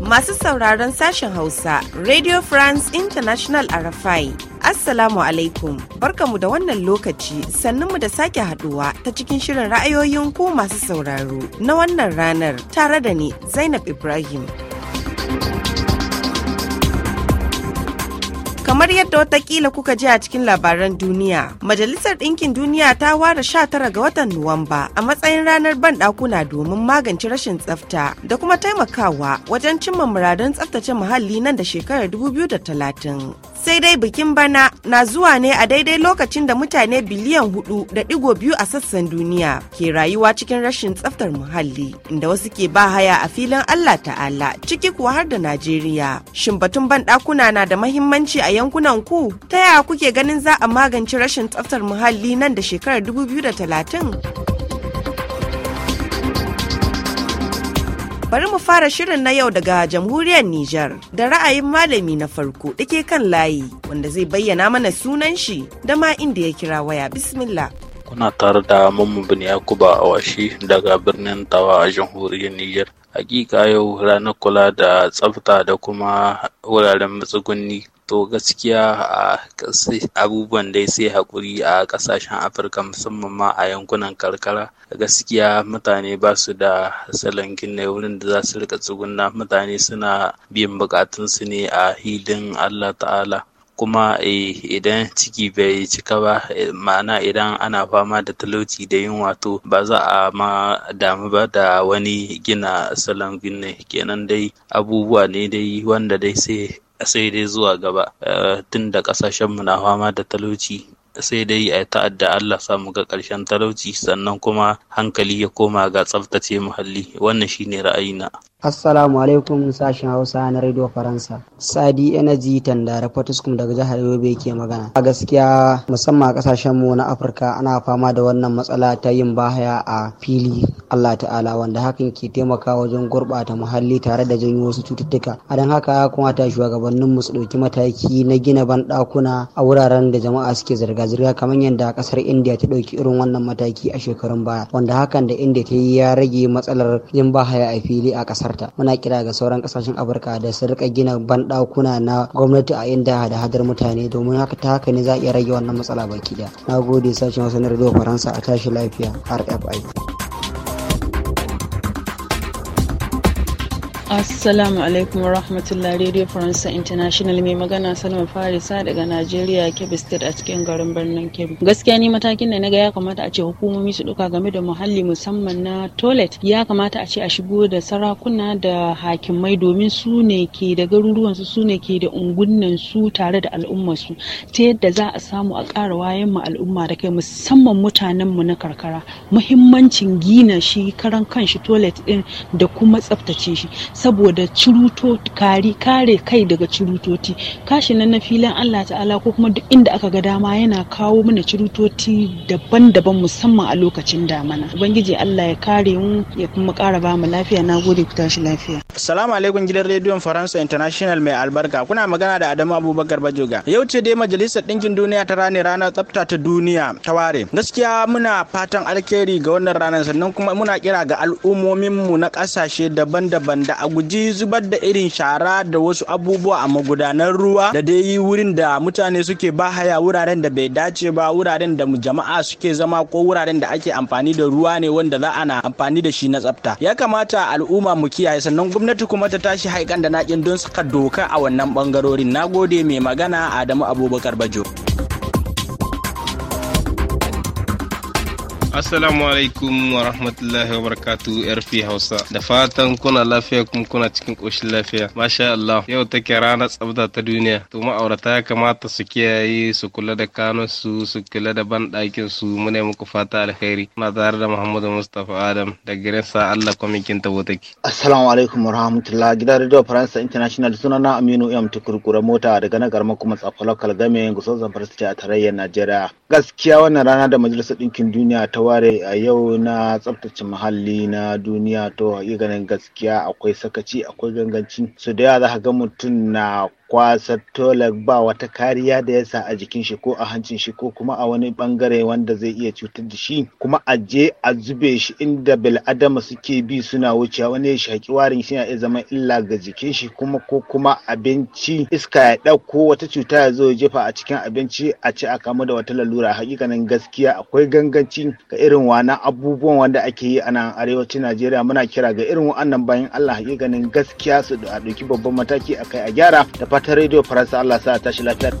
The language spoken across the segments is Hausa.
Masu sauraron sashen Hausa, Radio France International Arafai. Assalamu alaikum, mu da wannan lokaci mu da sake haduwa ta cikin shirin ra'ayoyin ku masu sauraro na wannan ranar tare da ni Zainab Ibrahim. yadda watakila kuka ji a cikin labaran duniya, Majalisar Ɗinkin Duniya ta ware 19 ga watan Nuwamba a matsayin ranar ban ɗakuna domin magance rashin tsafta da kuma taimakawa wajen cimma muradun tsaftace muhalli nan da shekarar 2030. Sai dai bikin bana na zuwa ne a daidai lokacin da mutane biliyan hudu da digo biyu a sassan duniya ke rayuwa cikin rashin tsaftar muhalli inda wasu ke ba haya a filin Allah ta'ala ciki kuwa har da Najeriya. Shin batun ban ɗakuna na da mahimmanci a yankunan yankunan ku ta yaya kuke ganin za a magance rashin tsaftar muhalli nan da shekarar 2030? Bari mu fara shirin na yau daga jamhuriyar Nijar da ra'ayin malami na farko da ke kan layi wanda zai bayyana mana sunan shi da ma inda ya kira waya bismillah. Kuna tare da Mamman Bin Yakuba a washi daga birnin Tawa a jamhuriyar Nijar. hakika yau ranar kula da tsafta da kuma wuraren matsugunni to gaskiya a abubuwan ya sai haƙuri a ƙasashen afirka musamman ma a yankunan karkara gaskiya mutane ba su da salon gina wurin da za su rika tsuguna mutane suna biyan bukatunsu ne a hidin allah ta'ala kuma eh, idan ciki bai cika ba eh, ma'ana idan ana fama da talauci da yin wato, ba za a ma damu ba da wani gina salon gine kenan dai abubuwa ne dai wanda dai sai dai zuwa gaba eh, tun da kasashen na fama da talauci sai dai a ta'adda Allah samu ga karshen talauci sannan kuma hankali ya koma ga tsaftace muhalli wannan shine ra'ayina Assalamu alaikum sashen Hausa na Radio Faransa. Sadi Energy Tandare Fortiskum daga jihar Yobe ke magana. A gaskiya musamman a kasashen mu na Afirka ana fama da wannan matsala ta yin bahaya a fili Allah ta'ala wanda hakan ke taimaka wajen gurɓata muhalli tare da janyo wasu cututtuka. A don haka ya kumata shugabannin mu su ɗauki mataki na gina banɗakuna a wuraren da jama'a suke zirga-zirga kamar yadda kasar India ta ɗauki irin wannan mataki a shekarun baya wanda hakan da India ta yi ya rage matsalar yin bahaya a fili a ƙasar ta muna kira ga sauran kasashen afirka da su rika gina banɗakuna na gwamnati a inda hada-hadar mutane domin haka ta haka ne za a iya rage wannan matsala baki daya na gode sashen wasu na faransa a tashi lafiya rfi Assalamu alaikum rahmatullah Radio France International mai magana Salma Farisa daga Najeriya Kebbi State a cikin garin birnin Kebbi. Gaskiya ni matakin da na ga ya kamata a ce hukumomi su duka game da muhalli musamman na toilet ya kamata a ce a shigo da sarakuna da hakimai domin su ne ke da garuruwan su su ne ke da ungunnan su tare da al'ummarsu su ta yadda za a samu a ƙara wayan mu al'umma da kai musamman mutanen mu na karkara muhimmancin gina shi karan kanshi toilet din da kuma tsaftace shi saboda ciruto kari kare kai daga cirutoti kashi nan na filin Allah ta'ala ko kuma duk inda aka ga dama yana kawo mana cirutoti daban-daban musamman a lokacin damana ubangiji Allah ya kare mu ya kuma kara ba mu lafiya na gode ku tashi lafiya assalamu alaikum gidan rediyon faransa international mai albarka kuna magana da adamu abubakar bajoga yau ce dai majalisar ɗinkin duniya ta rane rana tsafta ta duniya ta ware gaskiya muna fatan alkhairi ga wannan ranar sannan kuma muna kira ga al'ummominmu na kasashe daban-daban da a guji zubar da irin shara da wasu abubuwa a magudanan ruwa da dai yi wurin da mutane suke ba haya wuraren da bai dace ba wuraren da jama'a suke zama ko wuraren da ake amfani da ruwa ne wanda za ana amfani da shi na tsafta ya kamata al'umma mu kiyaye sannan gwamnati kuma ta tashi haikan da nakin don suka doka a wannan bangarorin nagode mai magana adamu abubakar bajo Assalamu alaikum wa rahmatullahi wa barakatu RP Hausa. Da fatan kuna lafiya kuma kuna cikin ƙoshin lafiya. Masha Allah, yau take ranar tsabta ta duniya. To ma'aurata ya kamata su kiyaye su kula da kanun su su kula da banɗakin su muna muku fata alkhairi. Muna tare da Muhammadu mustafa Adam da gidan sa Allah kwamikin ta take. Assalamu alaikum wa rahmatullahi. Gidan Radio Faransa International sunana Aminu Yam Tukurkura mota daga na garma kuma tsafalakal game gusau zamfara a tarayyar Najeriya. Gaskiya wannan rana da Majalisar Ɗinkin Duniya ta ta ware a yau na tsabtace muhalli na duniya to ganin gaskiya akwai sakaci akwai ganganci su da yawa za ka ga mutum na kwasar tolar ba wata kariya da ya sa a jikin shi ko a hancin shi ko kuma a wani bangare wanda zai iya cutar da shi kuma a je a zube shi inda bil'adama suke bi suna wuce wani ya shaƙi warin shi iya zama illa ga jikin shi kuma ko kuma abinci iska ya ɗauko wata cuta ya zo ya jefa a cikin abinci a ce a kamu da wata lalura hakikanin gaskiya akwai ganganci ga irin wana abubuwan wanda ake yi a nan arewacin najeriya muna kira ga irin wa'annan bayan allah hakikanin gaskiya su a ɗauki babban mataki akai a gyara da ta radio faransa allah sa tashi lafiya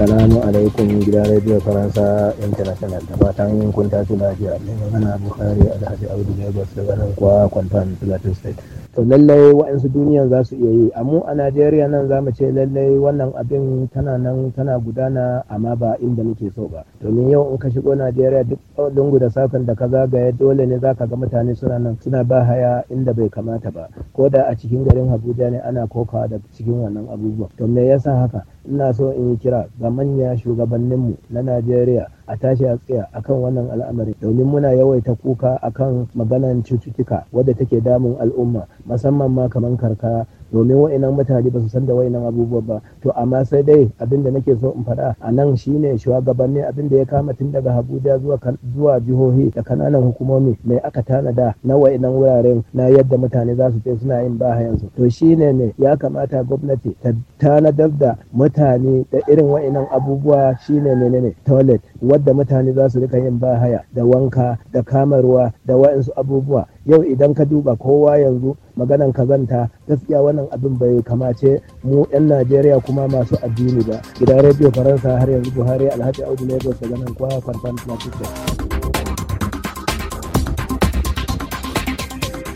Salamu alaikum gidan Radio Faransa International da fatan kun tashi lafiya. Mai magana Bukhari Alhaji Audu Lagos da nan kwa Kwantan Plateau State. to lallai waɗansu duniyan za su iya yi amma a najeriya nan za mu ce lallai wannan abin tana nan tana gudana amma ba inda muke so ba domin yau in ka shigo najeriya duk lungu da safin da ka zagaye, dole ne za ka ga mutane suna nan suna ba haya inda bai kamata ba ko da a cikin garin abuja ne ana kokawa da cikin wannan abubuwa to me yasa haka ina so in yi kira ga manya shugabanninmu na najeriya a tashi a tsaya akan wannan al'amari domin muna yawaita kuka akan maganan cututtuka wadda take damun al'umma musamman ma kamar karkara domin wainan mutane ba su san da wainan abubuwa ba to amma sai dai abin da nake so in faɗa a nan shine shugabanni abin da ya kama tun daga Abuja zuwa zuwa jihohi da kananan hukumomi mai aka tanada na wainan wuraren na yadda mutane za su je suna yin bahayan su to shine ne ya kamata gwamnati ta tanadar da mutane da irin wainan abubuwa shine ne ne toilet wadda mutane za su rika yin bahaya da wanka da kamarwa da wa'insu abubuwa yau idan ka duba kowa yanzu maganan kazanta gaskiya wannan abin bai kamace mu 'yan najeriya kuma masu addini ba gidan rediyo faransa har yanzu buhari alhaji audu lagos da ganin kwaya kwanfan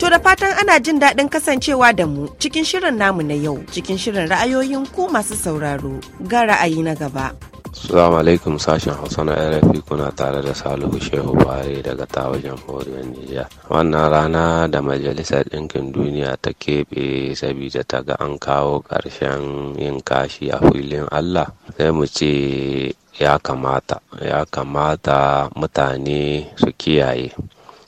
To da fatan ana jin daɗin kasancewa da mu cikin shirin namu na yau cikin shirin ra'ayoyin ku masu sauraro ga ra'ayi na gaba. Assalamu alaikum sashen Hausa na RFI kuna tare da Salihu Shehu Bari daga Tawa Jamhuriyar Nijar. Wannan rana da Majalisar Ɗinkin Duniya ta keɓe sabida ta ga an kawo ƙarshen yin kashi a filin Allah. Sai mu ce ya kamata, ya kamata mutane su kiyaye,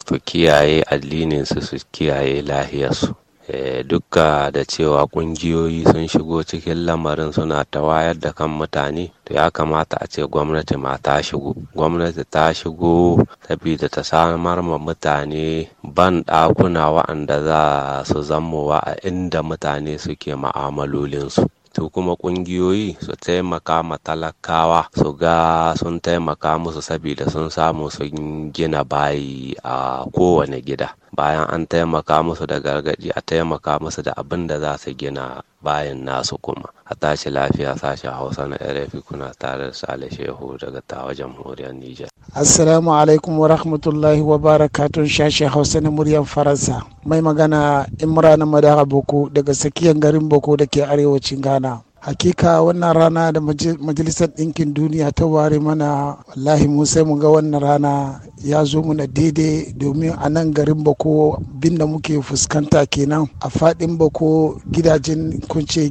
su kiyaye addininsu su kiyaye lahiyarsu. Eh, dukka da cewa kungiyoyi sun shigo cikin lamarin suna ta wayar da kan mutane to ya kamata a ce gwamnati ma ta shigo gwamnati ta shigo saboda ta samar ma mutane ban ɗakuna wa'anda za su zammowa a inda mutane suke ma'amalolinsu su kuma kungiyoyi su taimaka ma talakawa su ga sun taimaka musu sabida sun samu sun gina bayi a kowane gida bayan an taimaka musu da gargaɗi a taimaka musu da abin da za su gina bayan nasu kuma a tashi lafiya sashen hausa na rfi kuna tare da sale shehu daga tawa jamhuriyar niger assalamu alaikum wa rahmatullahi wa barakatun sashen hausa na muryar faransa mai magana imran madaha boko daga tsakiyar garin boko da ke arewacin ghana hakika wannan rana da majalisar ɗinkin duniya ta ware mana wallahi mu sai mu ga wannan rana ya zo mu daidai domin a nan garin bako bin da muke fuskanta kenan a faɗin bako gidajen kunce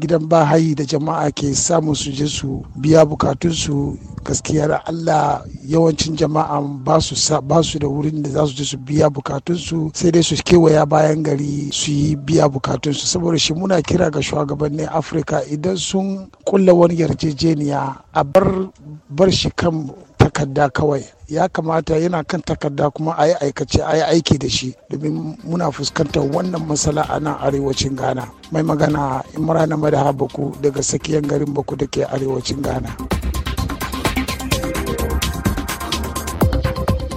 gidan bahayi da jama'a ke samun su je su biya bukatunsu gaskiya da allah yawancin jama'a ba su ba su da wurin da za su je su biya bukatunsu sai dai su kewaya bayan gari su yi biya bukatunsu saboda shi muna kira ga shugabannin afirka idan sun kulla wani yarjejeniya a bar bar shi kan takarda kawai ya kamata yana kan takarda kuma a yi aikace a yi aiki da shi domin muna fuskantar wannan matsala a nan arewacin ghana mai magana imrana madaha baku daga tsakiyar garin baku da ke arewacin ghana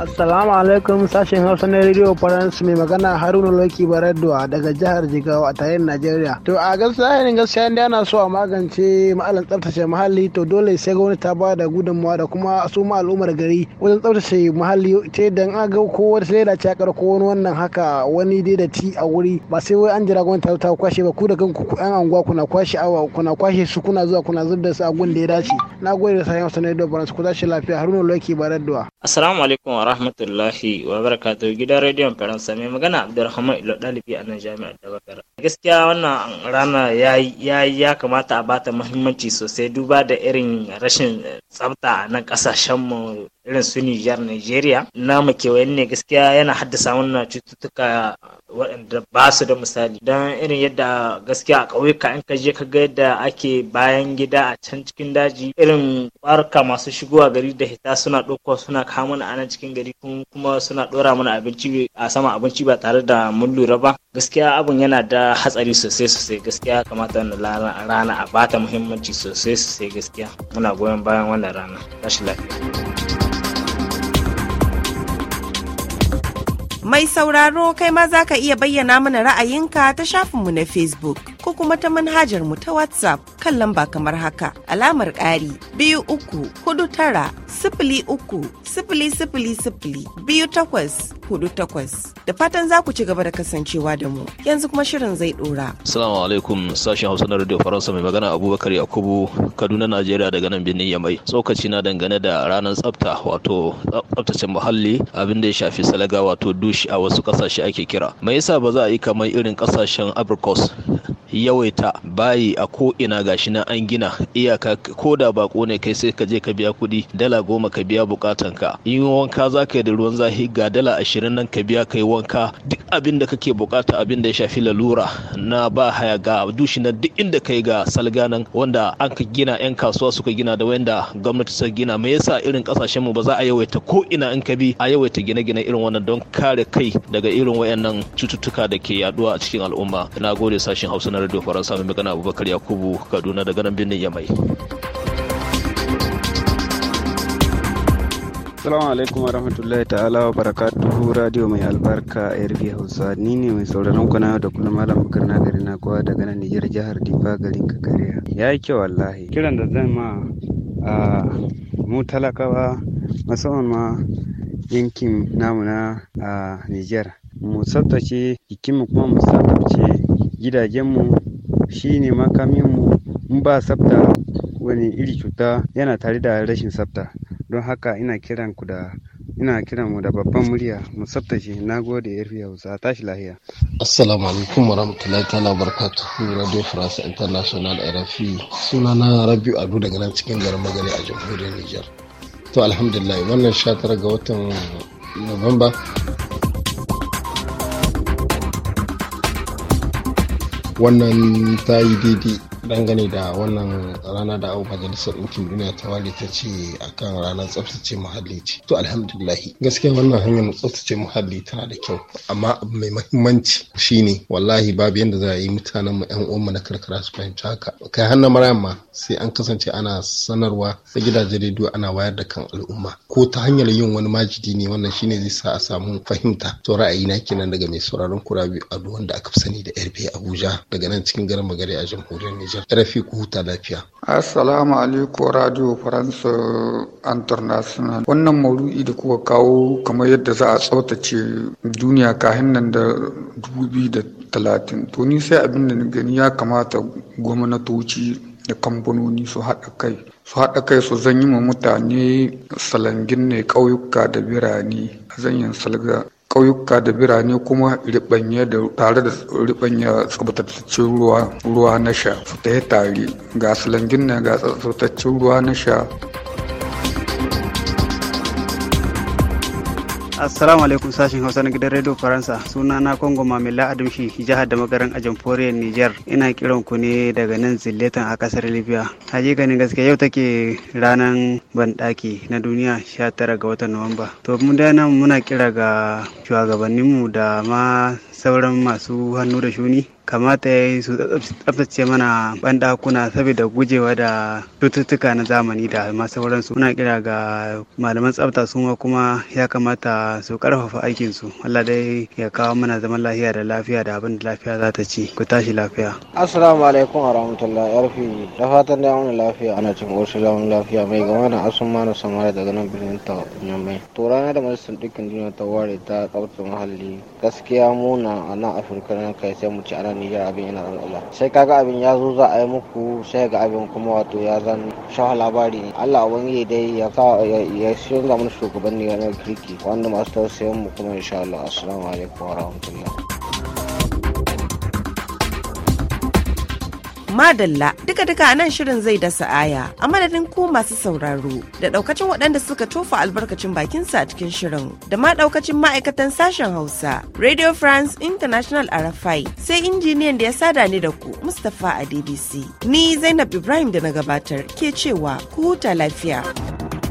Assalamu alaikum sashen Hausa na Radio France mai magana Haruna Loki Baradwa daga jihar Jigawa a tarayyar Najeriya. To a gaskiya ne gaskiya inda ana so a magance ma'alan tsaftace muhalli to dole sai gwamnati ta ba da gudunmawa da kuma su ma al'ummar gari wajen tsaftace muhalli ce dan a aga ko wata leda ce ko wani wannan haka wani dai da ti a wuri ba sai wai an jira gwamnati ta kwashe ba ku da kanku ku yan anguwa kuna kwashe awa kuna kwashe su kuna zuwa kuna zubda su a gun da ya dace. Na gode da sashen Hausa na Radio France ku tashi lafiya Haruna Loki Baradwa. Assalamu alaikum wa rahmatullahi wa barakatuhu gidan rediyon faransa mai magana abdulrahman ilo ɗalibi a nan jami'ar da bakara gaskiya wannan rana ya ya kamata a bata mahimmanci sosai duba da irin rashin tsafta a nan kasashenmu irin su Nijar Nigeria na makewayen ne gaskiya yana haddasa wannan cututtuka waɗanda ba su da misali don irin yadda gaskiya a ƙauyuka in ka je ka ga yadda ake bayan gida a can cikin daji irin ƙwarka masu shigowa gari da hita suna ɗauko suna kawo mana a cikin gari kuma suna ɗora mana abinci a sama abinci ba tare da mun lura ba gaskiya abun yana da hatsari sosai sosai gaskiya kamata na rana a bata muhimmanci sosai sosai gaskiya muna goyon bayan wannan rana tashi lafiya Mai sauraro kai ma za ka iya bayyana mana ra'ayinka ta shafinmu na Facebook. ko kuma ta manhajar mu ta WhatsApp kan lamba kamar haka alamar ƙari biyu uku hudu tara sifili uku sifili sifili sifili biyu takwas hudu takwas da fatan za ku ci gaba da kasancewa da mu yanzu kuma shirin zai dora. Salamu alaikum sashen Hausa na Radio Faransa mai magana Abubakar Yakubu Kaduna Najeriya daga nan birnin Yamai tsokaci na dangane da ranar tsafta wato tsaftace muhalli abin da ya shafi salaga wato dushi a wasu kasashe ake kira me yasa ba za a yi kamar irin kasashen abrikos yawaita bayi a ko ina gashi na an gina iyaka ko da bako ne kai sai ka je ka biya kuɗi dala goma ka biya ka. in wanka za ka yi da ruwan zahi ga dala ashirin nan ka biya ka yi wanka duk abin da kake bukata abin da ya shafi lalura na ba haya ga dushi na duk inda kai ga salga nan wanda an ka gina yan kasuwa suka gina da wanda gwamnati ta gina me yasa irin kasashen mu ba za a yawaita ko ina in ka bi a yawaita gine-gine irin wannan don kare kai daga irin wayannan cututtuka da ke yaduwa a cikin al'umma na gode sashen hausa na radio faransa mai magana abubakar yakubu kaduna daga nan birnin yamai Salamu alaikum warahmatullahi ta'ala wa barakatuhu radio mai albarka a yarfi hausa ni ne mai sauraron kuna da kuma malam bakar na gari na kowa daga nan nijar jihar difa garin kakariya ya yi kyau wallahi kiran da zan ma a mu talakawa musamman ma yankin namu na a nijar mu tsaftace jikinmu kuma mu tsaftace gidajenmu shi ne makaminmu in ba tsafta wani iri cuta yana tare da rashin tsafta don haka ina kiran ku da ina kiran mu da babban murya mu tsaftace na gode yarfi hausa tashi lahiya assalamu alaikum warahmatullahi ta'ala barakatuhu radio france international rfi sunana rabiu ado daga nan cikin garin magani a jamhuriyar niger to alhamdulillah wannan 19 ga watan november wannan ta yi daidai dangane da wannan rana da abu majalisar ɗinkin duniya ta wale ta ce akan ranar tsaftace muhalli ce to alhamdulillahi gaskiya wannan hanyar tsaftace muhalli tana da kyau amma abu mai mahimmanci shine wallahi babu yadda za a yi mutanen mu yan uwanmu na karkara su fahimci haka kai hannun marayan ma sai an kasance ana sanarwa ta gidajen rediyo ana wayar da kan al'umma ko ta hanyar yin wani majidi ne wannan shine zai sa a samu fahimta to ra'ayi na kenan daga mai sauraron kurabi a da aka fi sani da yarbe abuja daga nan cikin garin magare a jamhuriyar Nijar. lafiya. Assalamu alaikum Radio France International. Wannan maudu'i da kuka kawo kamar yadda za a tsaftace duniya kahin nan da dubu da talatin. To ni sai abin da gani ya kamata gwamnatoci da kamfanoni su haɗa kai su haɗa kai su zanyi ma mutane salangin ne ƙauyuka da birane zan zanyin salga ƙauyuka da birane kuma riɓanye da tare da riɓanya tsabtataccen ruwa ruwa na sha su ta tare ga silangin na ga tsabtataccen ruwa na sha assalamu alaikum sashen hausa na gidan radio faransa suna na kongo mamila adamshi jihar da magaran ajin niger ina kiran ku ne daga nan zilletan a kasar libya hakikanin gaskiya yau take ranar banɗaki na duniya 19 ga watan nuwamba to mun da nan muna kira ga shugabanninmu da ma sauran masu hannu da shuni kamata ya yi su tsaftace mana banɗakuna saboda gujewa da cututtuka na zamani da ma sauransu muna kira ga malaman tsafta su ma kuma ya kamata su karfafa aikinsu Allah dai ya kawo mana zaman lafiya da lafiya da abin da lafiya za ta ci ku tashi lafiya assalamu alaikum wa rahmatullahi ya da fatan da wani lafiya ana cin wasu lamun lafiya mai gama na asun ma na samar daga nan birnin ta mai to rana da majalisar dukkan duniya ta ware ta tsaftace muhalli gaskiya muna a nan afirka na kai sai mu ci ana Nijar abin ina nan sai kaga abin ya zo za a yi muku sai ga abin kuma wato ya zan sha labari ne Allah ya dai ya sa ya shirya mana shugaban Nijar na kirki wanda masu tausayin mu kuma insha Allah assalamu alaikum wa rahmatullahi Madalla duka duka nan shirin zai dasa aya a madadin ku masu sauraro da daukacin waɗanda suka tofa albarkacin bakin sa a cikin shirin da ma daukacin ma'aikatan sashen Hausa Radio France International RFI sai injiniyan da ya sada ni da ku Mustapha a DBC. Ni Zainab Ibrahim da na gabatar ke cewa ku huta lafiya.